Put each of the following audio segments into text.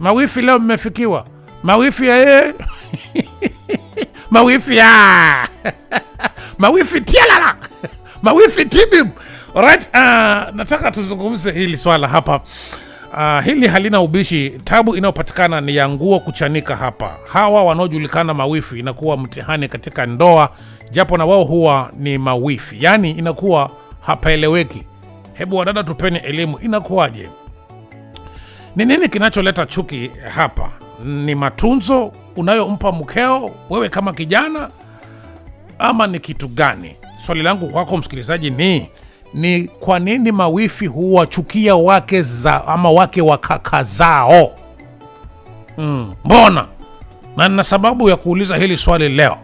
Mawifi leo mmefikiwa mawifi ya yeye mawifi ya mawifi tialala mawifi tibi. Alright, uh, nataka tuzungumze hili swala hapa. Uh, hili halina ubishi. Tabu inayopatikana ni ya nguo kuchanika hapa. Hawa wanaojulikana mawifi inakuwa mtihani katika ndoa, japo na wao huwa ni mawifi, yaani inakuwa hapaeleweki. Hebu wadada, tupeni elimu, inakuwaje? Ni nini kinacholeta chuki hapa? Ni matunzo unayompa mkeo wewe kama kijana, ama ni kitu gani? Swali langu kwako msikilizaji ni ni kwa nini mawifi huwachukia wake za ama wake wa kaka zao? Mm, mbona? Na nina sababu ya kuuliza hili swali leo,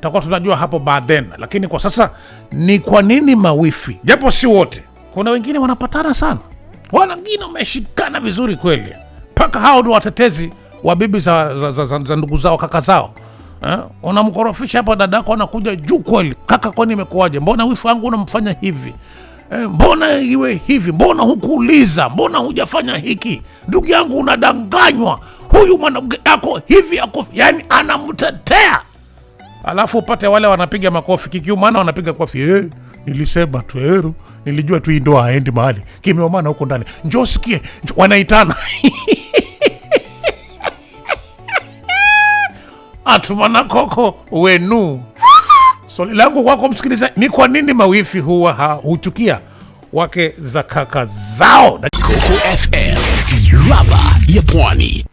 takuwa tunajua hapo baadaye, lakini kwa sasa ni kwa nini mawifi, japo si wote, kuna wengine wanapatana sana wengine wameshikana vizuri kweli, mpaka hao ndio watetezi wa bibi za, za, za, za, za ndugu zao kaka zao eh? Unamkorofisha hapa dadako anakuja juu kweli, kaka, kwani imekuaje Mbona wifu wangu unamfanya hivi eh? Mbona iwe hivi? Mbona hukuuliza? Mbona hujafanya hiki? Ndugu yangu, unadanganywa huyu mwanamke yako hivi yako, yani anamtetea, alafu upate wale wanapiga makofi kikiu, maana wanapiga kofi eh nilisema tu nilijua tu indo aendi mahali, kimeomana huko ndani. njosikie sikie, wanaitana atumana koko wenu. Swali langu kwako msikilizaji ni kwa nini mawifi huwa huchukia wake za kaka zao? Coco FM, ladha ya Pwani.